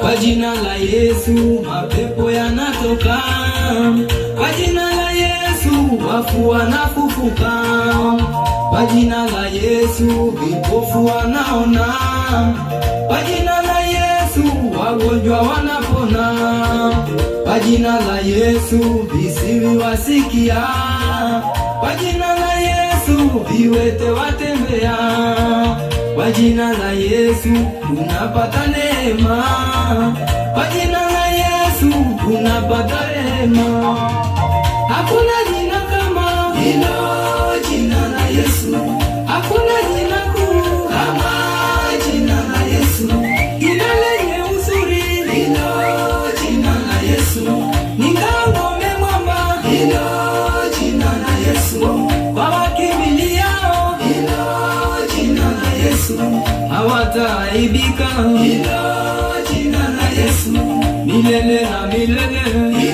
Kwa jina la Yesu mapepo yanatoka, kwa jina la Yesu wafu wanafufuka, kwa jina la Yesu vipofu wanaona, kwa jina la Yesu wagonjwa wanapona, kwa jina la Yesu visiwi wasikia, kwa jina la Yesu viwete watembea, kwa jina la Yesu tunapata rehema, kwa jina la Yesu unapata rehema. Hakuna jina kama hilo jina la Yesu, hakuna jina kuu kama jina la Yesu, jina lenye uzuri hilo jina la Yesu, ngome mwamba hilo jina la Yesu, kwa wakimbiliao hilo jina la Yesu hawataaibika hilo Milene, la milene.